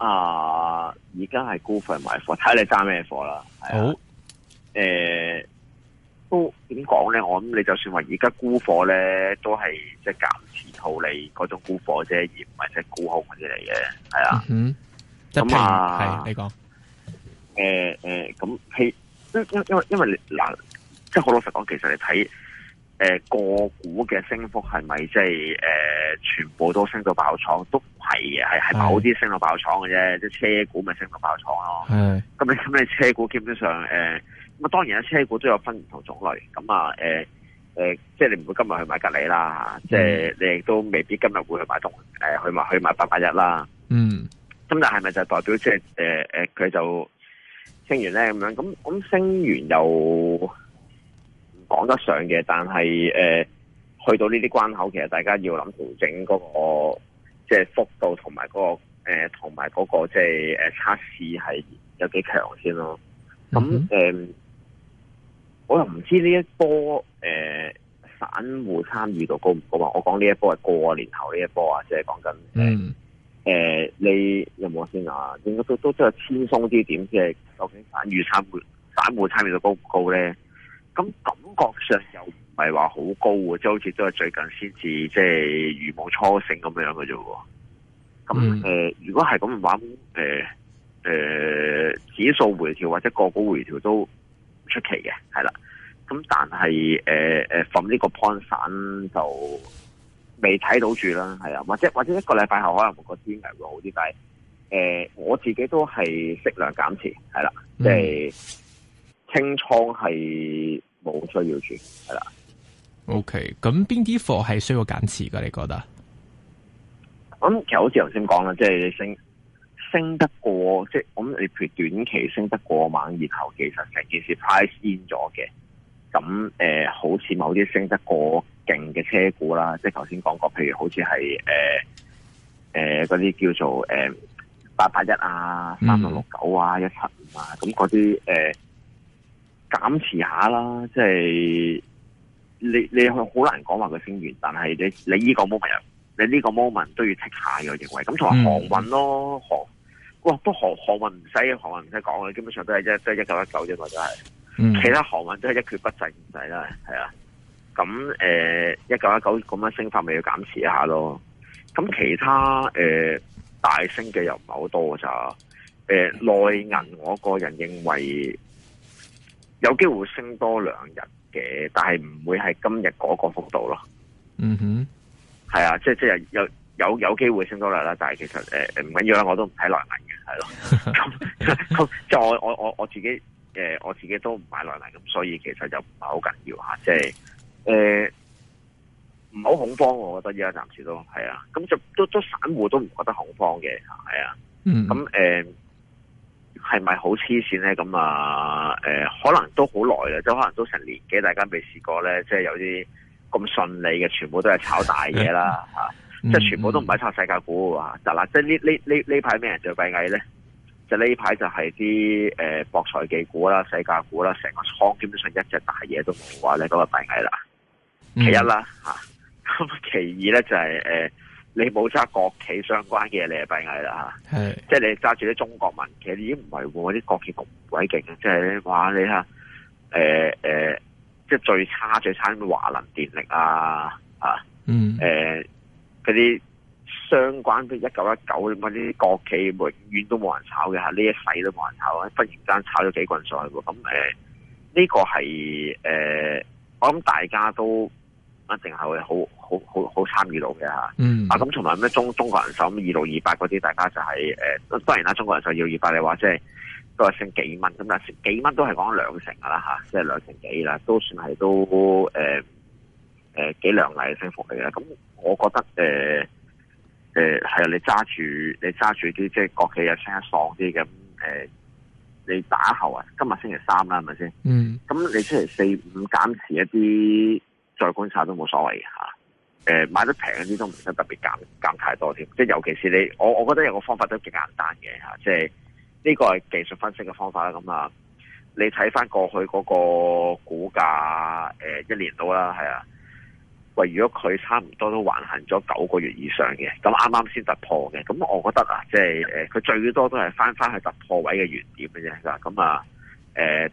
啊！而家係沽份買貨，睇你揸咩貨啦。好，誒、呃，都點講咧？我諗你就算話而家沽貨咧，都係即係減持套利嗰種沽貨啫，而唔係、嗯、即係沽空嗰啲嚟嘅。係啊，咁啊，你講，誒誒、呃，咁係因因因為因為嗱、呃，即係好老實講，其實你睇。誒、呃、個股嘅升幅係咪即係誒全部都升到爆廠？都唔係嘅，係係某啲升到爆廠嘅啫，啲車股咪升到爆廠咯、啊。咁的你咁你車股基本上誒，咁、呃、當然啦，車股都有分唔同種類。咁啊誒、呃呃、即係你唔會今日去買吉利啦，嗯、即係你亦都未必今日會去買同去買去買八八一啦。嗯。咁但係咪就代表即係誒佢就升完咧？咁樣咁咁升完又？講得上嘅，但係誒、呃，去到呢啲關口，其實大家要諗調整嗰、那個即係、就是、幅度和、那個，同埋嗰個誒，同埋嗰個即係誒測試係有幾強先咯。咁誒、mm hmm. 嗯，我又唔知呢一波誒、呃、散戶參與度高唔高啊？我講呢一波係過年後呢一波啊，即係講緊。嗯、mm。誒、hmm. 呃，你有冇先啊？應該都都真係輕鬆啲，點即係究竟散戶參與散戶參與度高唔高咧？咁感覺上又唔係話好高喎，即係好似都係最近先至即係如夢初醒咁樣嘅啫。咁誒、嗯呃，如果係咁嘅話，誒、呃、誒，指數回調或者個股回調都出奇嘅，係啦。咁但係誒誒，呢、呃、個 point 散就未睇到住啦，係啊。或者或者一個禮拜後可能個天位會好啲，但係誒、呃，我自己都係適量減持，係啦，即係、嗯、清倉係。冇需要住，係啦。OK，咁邊啲貨係需要減持㗎？你覺得？咁其實好似頭先講啦，即係升升得過，即係咁你譬如短期升得過猛，然後其實成件事 price in 咗嘅。咁誒、呃，好似某啲升得過勁嘅車股啦，即係頭先講過，譬如好似係誒誒嗰啲叫做誒八八一啊、三六六九啊、一七五啊，咁嗰啲誒。呃減持下啦，即、就、係、是、你你係好難講話佢升完，但係你你呢個 moment，你呢個 moment 都要剔下嘅認為。咁同埋航運咯，航哇，都航航運唔使航運唔使講基本上都係一都係一九一九啫嘛，都、就、係、是。就是嗯、其他航運都係一蹶不振唔使啦，係、就是、啊。咁誒一九一九咁樣升法，咪要減持一下咯。咁其他誒、呃、大升嘅又唔係好多咋。誒、就是呃、內銀，我個人認為。有機會升多兩日嘅，但係唔會係今日嗰個幅度咯。嗯哼，係啊，即即係有有有機會升多兩日啦，但係其實誒唔緊要啦，我都唔睇內銀嘅，係咯。咁咁即係我我我我自己誒、呃、我自己都唔買內銀，咁所以其實就唔係好緊要嚇，即係誒唔好恐慌，我覺得而家暫時都係啊。咁就都都散戶都唔覺得恐慌嘅，係啊。嗯。咁係咪好黐線咧？咁啊，誒、呃，可能都好耐啦，即係可能都成年幾，大家未試過咧，即係有啲咁順利嘅，全部都係炒大嘢啦，吓、 啊，即係全部都唔係炒世界股啊，得啦，即係呢呢呢呢排咩人最閉翳咧？就呢排就係啲誒博彩技股啦、世界股啦，成個倉基本上一隻大嘢都冇啊咧，嗰、那個大閉翳啦，其一啦吓，咁、啊、其二咧就係、是、誒。呃你冇揸國企相關嘅嘢，你係閉翳啦，即係你揸住啲中國民企，你已經唔係喎。嗰啲國企咁鬼勁即係咧，話你睇吓，誒、呃呃、即係最差最差，最差華能電力啊啊，嗯，嗰啲、呃、相關啲一九一九嗰啲國企，永遠都冇人炒嘅，呢一世都冇人炒，忽然間炒咗幾棍上去喎。咁、嗯、誒，呢、呃呢個係誒、呃，我諗大家都。一定係會好好好好參與到嘅嚇。嗯、啊，咁同埋咩中中國人壽咁二六二八嗰啲，大家就係、是、誒、呃、當然啦，中國人壽二六二八你話即係、就是、都係升幾蚊咁，但升幾蚊都係講兩成噶啦嚇，即、啊、係、就是、兩成幾啦，都算係都誒誒、呃呃、幾良麗嘅升幅嚟嘅。咁我覺得誒誒係啊，你揸住你揸住啲即係國企又升得爽啲咁誒，你打後啊，今日星期三啦，係咪先？嗯，咁你星期四、五減持一啲。再觀察都冇所謂嘅嚇，買得平啲都唔使特別減減太多添，即係尤其是你，我我覺得有個方法都幾簡單嘅嚇，即係呢個係技術分析嘅方法啦。咁啊，你睇翻過去嗰個股價一年到啦，係啊，喂，如果佢差唔多都橫行咗九個月以上嘅，咁啱啱先突破嘅，咁我覺得啊，即係佢最多都係翻翻去突破位嘅原點嘅啫，咁啊誒。呃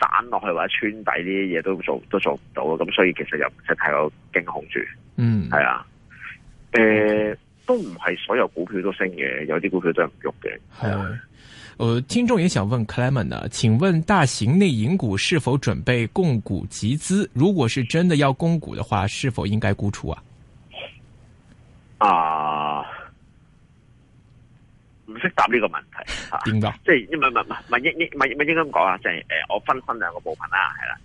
散落去或者穿底啲嘢都做都做唔到，咁所以其實又唔使太過驚恐住。嗯，係啊，誒、呃，都唔係所有股票都升嘅，有啲股票都係唔喐嘅。係啊，誒是、呃，聽眾也想問 Clement 啊，請問大型內銀股是否準備供股集資？如果是真的要供股的話，是否應該沽出啊？啊！唔識答呢個問題，點解何？即係唔係唔係唔係應應唔係應該咁講啊？即係誒、就是呃，我分分兩個部分啦，係啦。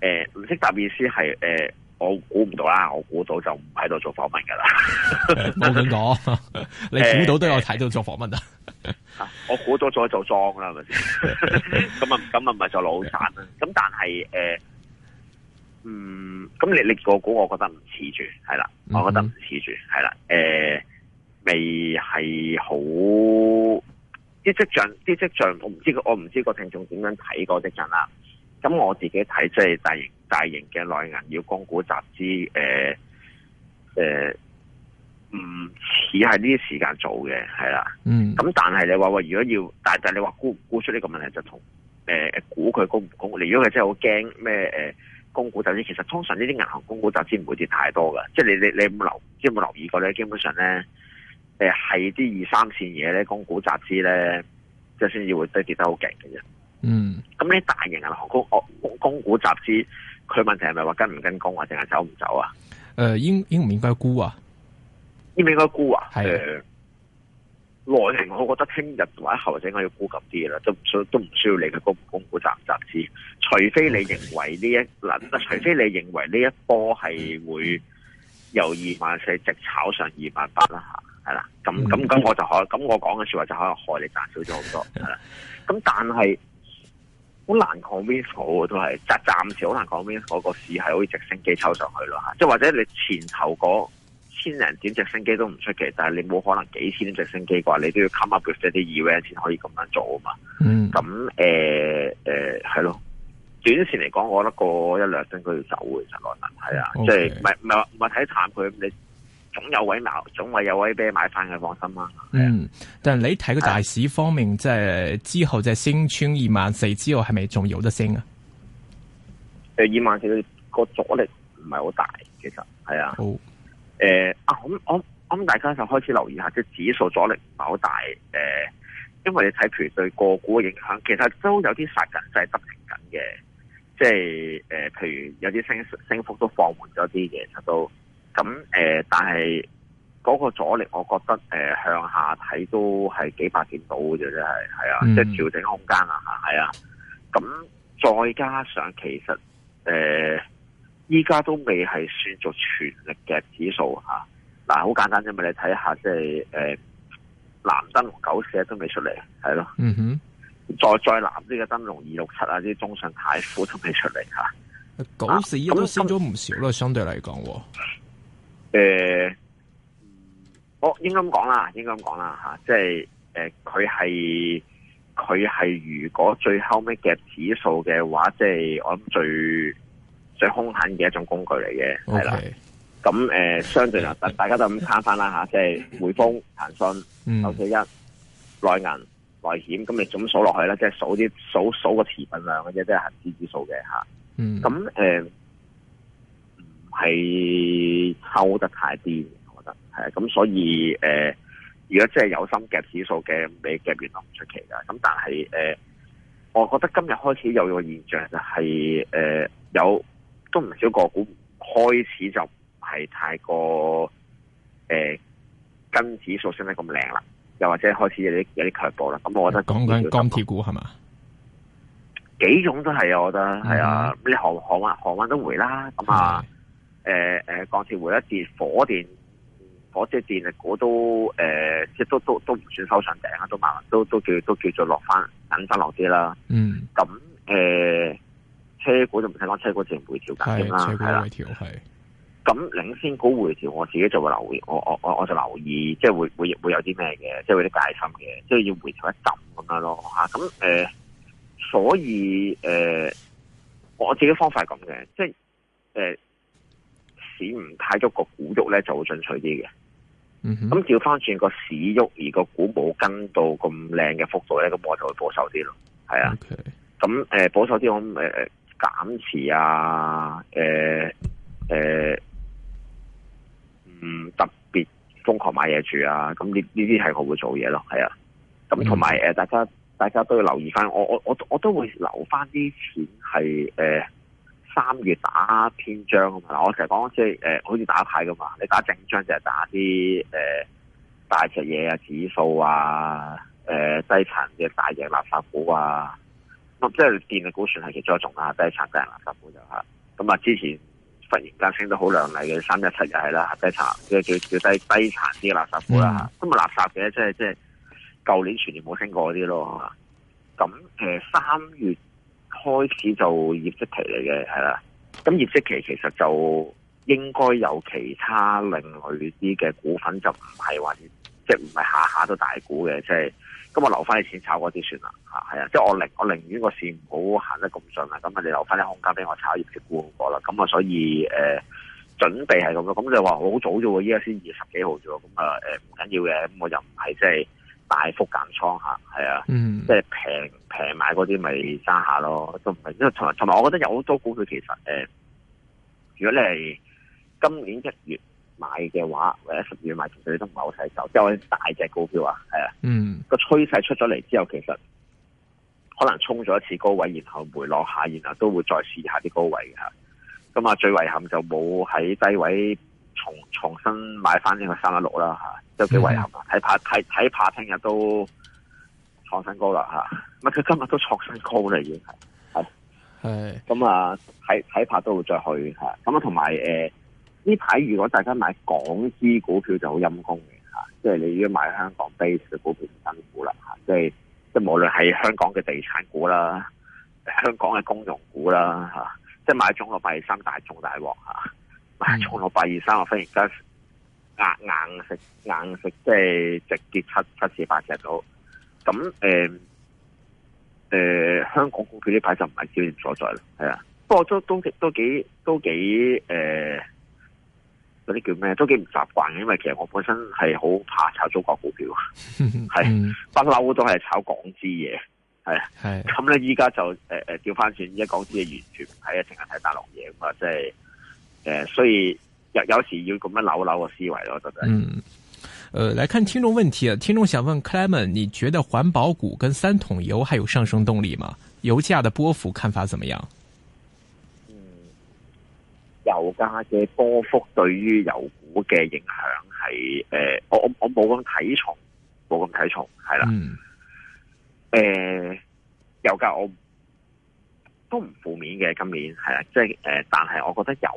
誒、呃，唔識答意思係誒、呃，我估唔到啦。我估到，到就唔喺度做訪問噶啦。冇咁講， 你估到都有睇到做訪問啊？呃呃、 我估到咗 就裝啦，係咪先？咁啊咁啊咪就老散啦。咁但係誒，嗯，咁你你、嗰個估我，我覺得唔似住，係啦。我覺得唔似住，係啦。誒、呃。未係好啲跡象，啲跡象我唔知，我唔知個聽眾點樣睇嗰啲人啦。咁我自己睇，即係大型大型嘅內銀要供股集資，誒誒，唔似係呢啲時間做嘅，係啦。嗯。咁但係你話話如果要，但但你話估唔估出呢個問題就同誒估佢供唔供？你如果佢真係好驚咩？誒，供股集資，其實通常呢啲銀行供股集資唔會跌太多噶。即係你你你冇留，即係冇留意過咧，基本上咧。誒，係啲二三線嘢咧，供股集資咧，就先至會跌跌得好勁嘅啫。嗯，咁呢大型銀行供哦股集資，佢問題係咪話跟唔跟供啊，定係走唔走啊？誒、呃，應應唔應該沽啊？應唔應該沽啊？係啊的，內型、呃、我覺得聽日或者後日我要沽咁啲啦，都需都唔需要你嘅供供股集集資，除非你認為呢一輪，Okay. 除非你認為呢一波係會由二萬四直炒上二萬八啦吓。係啦，咁咁咁，我就可能咁我講嘅說話就可能，害你賺少咗好多。係啦，咁但係好難 convince 我，都係即係暫時難好難 convince 我個市係好似直升機抽上去咯吓、啊，即係或者你前頭嗰千零點直升機都唔出奇，但係你冇可能幾千直升機嘅話，你都要 come up with 一啲 event 先可以咁樣做啊嘛。咁誒誒係咯，短線嚟講，我覺得過一兩星期佢要走嘅，實能 Okay. 就難睇啊。即係唔係唔係唔係睇淡佢你。總有位買，總會有位俾你買翻嘅，放心啦。啊、嗯，但係你睇個大市方面，即係、啊、之後即係升穿二萬四之後，係咪仲有得升24，啊？誒、哦，二萬四個阻力唔係好大，其實係啊。好。誒，啊，咁我我諗大家就開始留意一下，即係指數阻力唔係好大。誒、呃，因為你睇譬如對個股嘅影響，其實都有啲殺緊，即係得停緊嘅。即係誒，譬如有啲升升幅都放緩咗啲嘅，就都。咁誒、呃，但係嗰個阻力，我覺得誒、呃、向下睇都係幾百點到嘅啫，係係啊，即係調整空間啊，係啊。咁再加上其實誒，依、呃、家都未係算做全力嘅指數吓。嗱、啊，好、啊、簡單啫嘛，你睇下即係誒，藍燈籠、九四一都未出嚟，係咯、啊。嗯哼。再再藍呢個燈籠二六七啊，啲、就是、中信泰富都未出嚟吓。啊、九四一都升咗唔少啦，那相對嚟講。誒，哦，應該咁講啦，應該咁講啦吓，即係誒，佢係佢係如果最後尾嘅指數嘅話，即係我諗最最凶狠嘅一種工具嚟嘅，係啦 Okay.。咁誒、啊，相對就大大家都咁睇翻啦吓，即係匯豐、騰訊、九四、嗯、一、內銀、內險，咁你總數落去咧，即係數啲數數個持份量嘅啫，即係恒指指數嘅吓。啊、嗯，咁誒、啊。啊係抽得太癲，我覺得係咁，所以誒、呃，如果真係有心夾指數嘅，未夾，夾，夾完都唔出奇㗎。咁但係誒、呃，我覺得今日開始有一個現象就係誒，有都唔少個股開始就唔係太過誒跟、呃、指數升得咁靚啦，又或者開始有啲有啲強啦。咁我覺得講緊鋼鐵股係嘛，幾種都係啊，我覺得係、嗯、啊，你航運航運都回啦，咁啊。嗯誒誒，鋼鐵回一浸，火電、火車電力股都誒，即係都都都唔算收上頂啦，都慢慢都都叫都叫做落翻，等返落啲啦。嗯，咁、呃、誒，車股就唔使講，車股自然回調啦，啦。回調係。咁了是領先股回調，我自己就會留意，我我我我就留意，即係會會會有啲咩嘅，即係有啲戒心嘅，即係要回調一浸咁樣咯。吓，咁、呃、誒，所以誒、呃，我自己方法係咁嘅，即係誒。呃錢唔太足、個股喐咧，就會進取啲嘅。咁調翻轉個市喐，而個股冇跟到咁靚嘅幅度咧，咁我就會保守啲咯。係啊。咁誒 Okay.、呃、保守啲，我誒減持啊，誒、呃、誒，唔、呃、特別瘋狂買嘢住啊。咁呢呢啲係我會做嘢咯。係啊。咁同埋誒，大家大家都要留意翻，我我我我都會留翻啲錢係誒。呃三月打偏章啊嘛，我成日講即係誒，好似打牌咁啊。你打正章就係打啲誒、呃、大隻嘢、呃、啊，指數啊，誒低層嘅大型垃圾股啊。咁即係電力股算係其中一種啦，低層低型垃圾股就係。咁啊，之前忽然間升得好靚麗嘅三一七就係啦，低層即係叫叫低低層啲垃圾股啦。咁啊、嗯，垃圾嘅即係即係舊年全年冇升過啲咯。咁誒三月。開始就業績期嚟嘅係啦，咁業績期其實就應該有其他另類啲嘅股份就，就唔係話即係唔係下下都大股嘅，即係咁我留翻啲錢炒嗰啲算啦吓，係啊，即係、就是、我寧我寧願個市唔好行得咁盡啊，咁我哋留翻啲空間俾我炒業績股好過啦，咁啊所以誒、呃、準備係咁樣，咁就話好早啫，依家先二十幾號啫，咁啊誒唔緊要嘅，咁、呃、我又唔係即係。就是大幅減倉下係啊，嗯、即係平平買嗰啲咪揸下咯，都唔係，因為同同埋我覺得有好多股票其實、呃、如果你係今年一月買嘅話，或者十二月買，其實你都唔係好睇手。即係。之後大隻股票啊，啊嗯，個趨勢出咗嚟之後，其實可能衝咗一次高位，然後回落下，然後都會再試一下啲高位嘅。咁啊，最遺憾就冇喺低位。重重新買翻呢個三一六啦嚇，都幾遺憾啊！睇怕睇睇怕聽日都創新高啦嚇，唔係佢今日都創新高啦，已經係係咁啊！睇睇怕都會再去嚇，咁啊，同埋誒呢排如果大家買港資股票就好陰功嘅嚇，即、啊、係、即係、你如果買香港 base 嘅股票唔登股啦嚇，即係即係無論係香港嘅地產股啦、香港嘅公用股啦嚇、啊，即係買中國第三大重大鑊嚇。啊。沖到八二三我分而家壓硬食硬食，即係直接七七至八只到。咁誒誒，香港股票呢排就唔係焦點所在啦，係啊。不過都都都幾都幾誒，嗰啲叫咩？都幾唔習慣嘅，因為其實我本身係好怕炒中國股票，係不嬲都係炒港資嘢，係係。咁咧的，依家、嗯、就誒誒，調翻轉，依家港資嘢完全唔睇啊，淨係睇大陸嘢咁嘛即係。誒、呃，所以有有時要咁樣扭扭個思維咯，我覺得、就是。嗯，誒、呃，來看聽眾問題啊，聽眾想問 Clement 你覺得環保股跟三桶油還有上升動力嗎？油價嘅波幅看法怎麼樣？嗯，油價嘅波幅對於油股嘅影響係誒，我我我冇咁睇重，冇咁睇重係啦。是嗯。誒、呃，油價我都唔負面嘅，今年係啦，即係誒，但係我覺得油。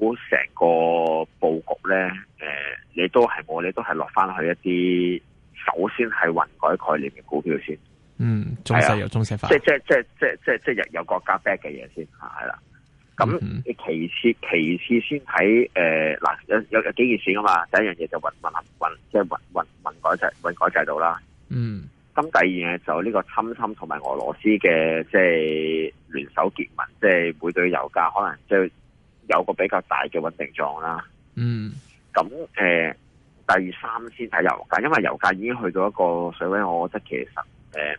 估成個布局咧，誒、呃，你都係我，你都係落翻去一啲，首先係混改概念嘅股票先。嗯，中西有中西化、啊。即即即即即即有有國家 back 嘅嘢先係啦。咁、啊、其次、嗯、哼其次先睇，誒、呃，嗱，有有有,有幾件事噶嘛。第一樣嘢就混混混，即混混混改制混改制度啦。嗯。咁第二樣嘢就呢個侵侵同埋俄羅斯嘅即聯手結盟，即每對油價可能即。有個比較大嘅穩定狀啦，嗯，咁誒、呃，第三先睇油價，因為油價已經去到一個水位，我覺得其實誒，呃、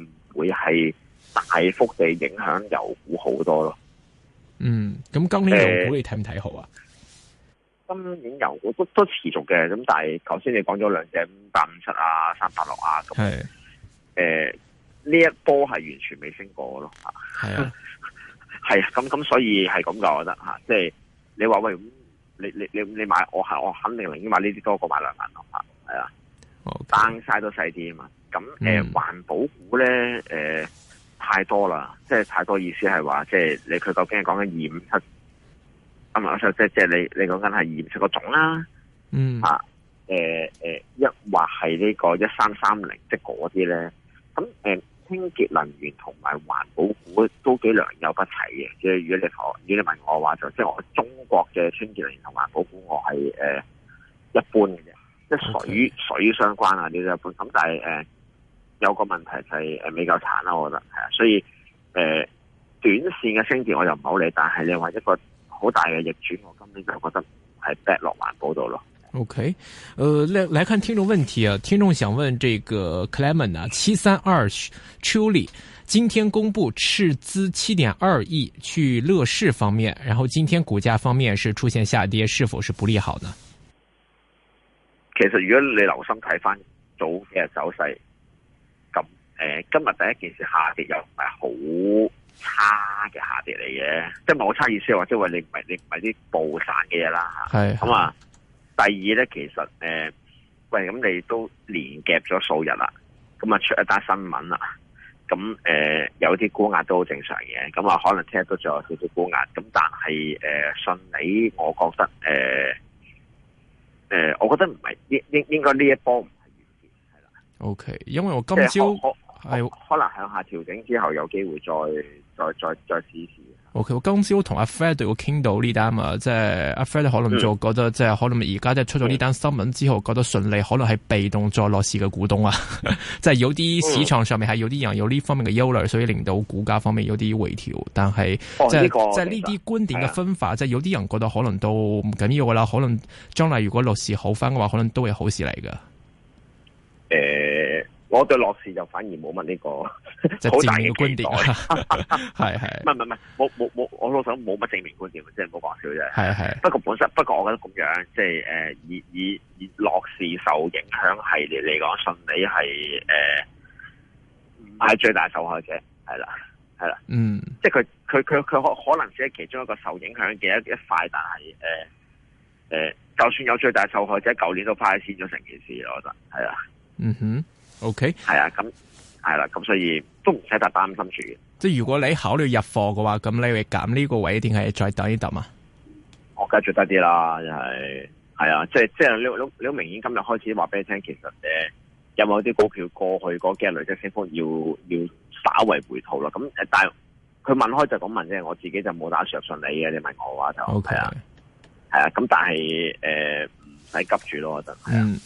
唔會係大幅地影響油股好多咯。嗯，咁今年油股、呃、你睇唔睇好啊？今年油股都都持續嘅，咁但係，頭先你講咗兩隻五百五七啊，三百六啊，咁的，誒、呃，呢一波係完全未升過咯，係啊的。嗯係啊咁咁，所以係咁噶我覺得吓，即、就、係、是、你話喂，你你你你買我係我肯定寧願買呢啲多過買兩萬六，係啊，單晒 Okay. 都細啲啊嘛。咁誒，環、呃嗯、保股咧誒、呃、太多啦，即係太多意思係話，即係你佢究竟係講緊二五七，啱唔啱先？即係即係你你講緊係二五七嗰種啦，嗯啊，誒、呃、誒，一、呃、或係呢個一三三零，即係嗰啲咧，咁、呃、誒。清潔能源同埋環保股都幾良莠不齊嘅，即係如果你我，如果你問我話就，即係我中國嘅清潔能源同環保股我是，我係誒一般嘅，即係水水相關啊呢啲一般，咁但係誒有個問題就係誒比較慘啦，我覺得係啊，所以誒、呃、短線嘅清潔我又唔好理，但係你話一個好大嘅逆轉，我今年就覺得係跌落環保度咯。OK，呃來來看聽眾問題啊！聽眾想問這個 Clement 啊，七三二 Truly，今天公布斥資七點二億去樂視方面，然後今天股價方面是出現下跌，是否是不利好呢？其實如果你留心睇返早嘅走勢，咁誒、呃，今日第一件事下跌又唔係好差嘅下跌嚟嘅，即係唔係好差意思或者即話你唔係你唔係啲暴散嘅嘢啦係咁啊。第二咧，其實誒、呃，喂，咁你都連夾咗數日啦，咁啊出一單新聞啦，咁誒、呃、有啲沽壓都好正常嘅，咁啊可能聽日都仲有少少沽壓，咁但係誒、呃，信你，我覺得誒誒、呃呃，我覺得唔係應應應該呢一波唔係完結，係啦。OK，因為我今朝係、就是、可能向下調整之後，有機會再再再再試試。OK，我今朝同阿 Fred 要傾到呢單啊，即係阿 Fred 可能就覺得，即、就、係、是、可能而家即係出咗呢單新聞之後，嗯、覺得順利，可能係被動作樂視嘅股東啊，即係、嗯、 有啲市場上面係有啲人有呢方面嘅憂慮，所以令到股價方面有啲回調。但係即係即係呢啲觀點嘅分化，即係的有啲人覺得可能都唔緊要噶啦，可能將來如果樂視好翻嘅話，可能都會好事嚟噶。誒、欸。我對樂視就反而冇乜呢個好 大嘅、嗯嗯嗯嗯、 觀點，係係，唔係唔係唔係，我我我我老實冇乜正面觀點，即係唔好講笑啫。係係，不過本身不過我覺得咁樣，即係誒、呃、以以以樂視受影響系列嚟講，順理係誒係最大受害者，係啦係啦，對嗯，即係佢佢佢佢可可能只係其中一個受影響嘅一一塊，但係誒誒，就算有最大受害者，舊年都派錢咗成件事，我覺得係啦，嗯哼。OK，係啊，咁係啦，咁、啊、所以都唔使太擔心住嘅。嗯、即係如果你考慮入貨嘅話，咁你會減呢個位定係再等一等啊？我梗住得啲啦，就係、是、係啊，即係即係你你好明顯今日開始話俾你聽，其實誒有冇啲股票過去嗰幾日累積升幅要要稍為回吐啦。咁誒，但係佢問開就咁問啫，我自己就冇打算信你嘅。你問我話話就 OK 啊，係啊，咁但係誒唔使急住咯，我覺得係啊。嗯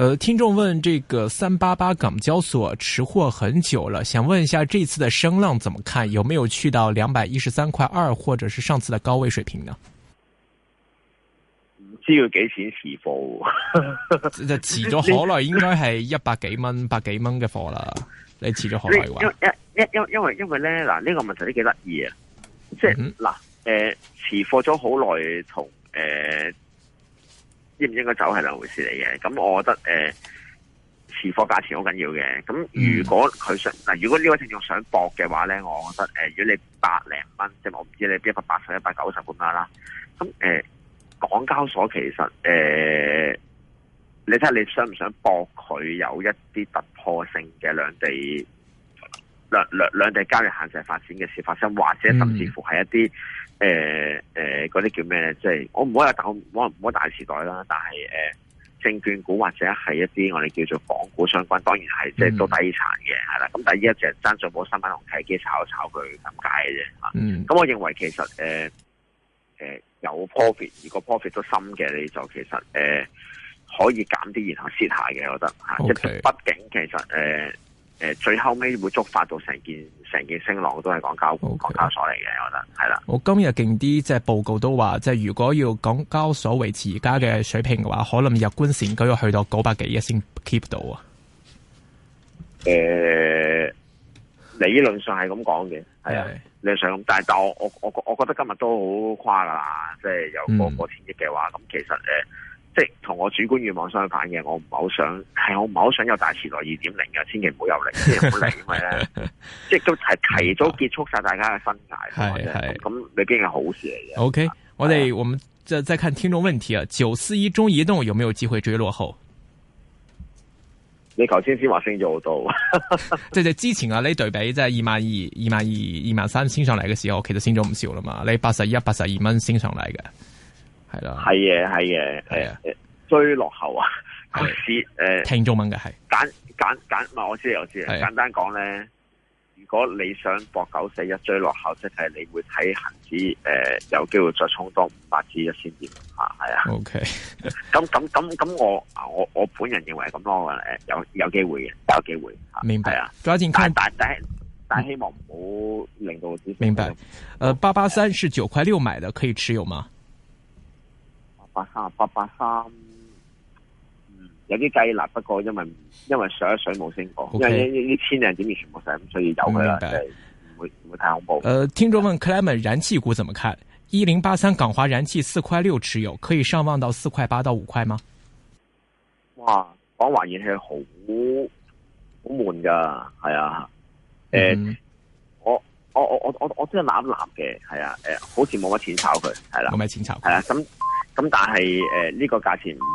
呃聽眾問：這個三八八港交所持貨很久了，想問一下，這次的升浪怎麼看？有沒有去到兩百一十三塊二，或者是上次的高位水平呢？唔知要幾錢持貨，就持咗好耐，應該係一百幾蚊、 百幾蚊嘅貨啦。你持咗好耐喎，因因因因為因為咧嗱，呢、這個問題都幾得意啊，即係嗱誒，持、嗯呃、貨咗好耐，同誒。呃應唔應該走係兩回事嚟嘅，咁我覺得誒、呃，持貨價錢好緊要嘅。咁如果佢想嗱，如果呢位聽眾想搏嘅話咧，我覺得誒、呃，如果你百零蚊，即係我唔知你邊一百八十、一百九十咁樣啦，咁誒、呃，港交所其實誒、呃，你睇下你想唔想搏佢有一啲突破性嘅兩地兩兩兩地交易限制發展嘅事發生，或者甚至乎係一啲誒誒嗰啲叫咩？即係我唔好以講，我唔可以大時代啦。但係誒、呃，證券股或者係一啲我哋叫做港股相關，當然係即係都低殘嘅係啦。咁但係依一隻爭在冇新聞同契機炒一炒佢咁解嘅啫嚇。咁、啊嗯、我認為其實誒誒、呃呃、有 profit，如果 profit 都深嘅，你就其實誒、呃、可以減啲，然後蝕下嘅。我覺得嚇，啊、Okay. 即係畢竟其實誒。呃誒，最後尾會觸發到成件成件升浪都是港，都係港交所嚟嘅，我覺得係啦。是我今日勁啲，即、就、係、是、報告都話，即、就、係、是、如果要港交所維持而家嘅水平嘅話，可能入觀線都要去到九百幾億，先 keep 到啊。誒，理論上係咁講嘅，係啊，是的理論上但係但係我我我，我覺得今日都好誇噶啦，即係有個過千億嘅話，咁其實誒。呃即係同我主觀願望相反嘅，我唔係好想，係我唔係好想有大時代二點零嘅，千祈唔好有零。 千祈唔好嚟，因為咧，即係都係提早結束晒大家嘅生涯。係咁你經係好事嚟嘅。O K，我哋我哋再再看聽眾問題啊，九四一中移動有沒有機會追落後？你頭先先話升咗好多，即係之前啊你對比，即係二萬二、二萬二、二萬三升上嚟嘅時候，其實升咗唔少啦嘛，你八十一、八十二蚊升上嚟嘅。係啦，係嘅，係嘅，誒誒，追落後啊，市誒聽中文嘅係，簡簡簡，唔係我知我知，簡單講咧，如果你想博九四一追落後，即係你會睇恒指誒有機會再衝多五百至一千點啊，係啊，OK，咁咁咁咁我我我本人認為咁多誒有有機會嘅，有機會啊，明白啊，加點金，但但但希望唔好令到。明白，誒八八三是九塊六買嘅，可以持有嗎？八三八八三，38, 38 3，嗯，有啲雞肋，不過因為因為上一水冇升過，Okay. 因為呢千零點二全部上，所以有佢。啦、嗯。唔會唔會太恐怖。誒、呃，聽眾問 Clement 燃氣股怎麼看？一零八三港華燃氣四塊六持有，可以上望到四塊八到五塊嗎？哇，港華燃氣好好悶㗎，係啊，誒、嗯嗯，我我我我我我真係懶懶嘅，係啊，誒，好似冇乜錢炒佢，係啦，冇乜錢炒，係啦，咁、嗯。咁但係誒，呢個價錢唔係。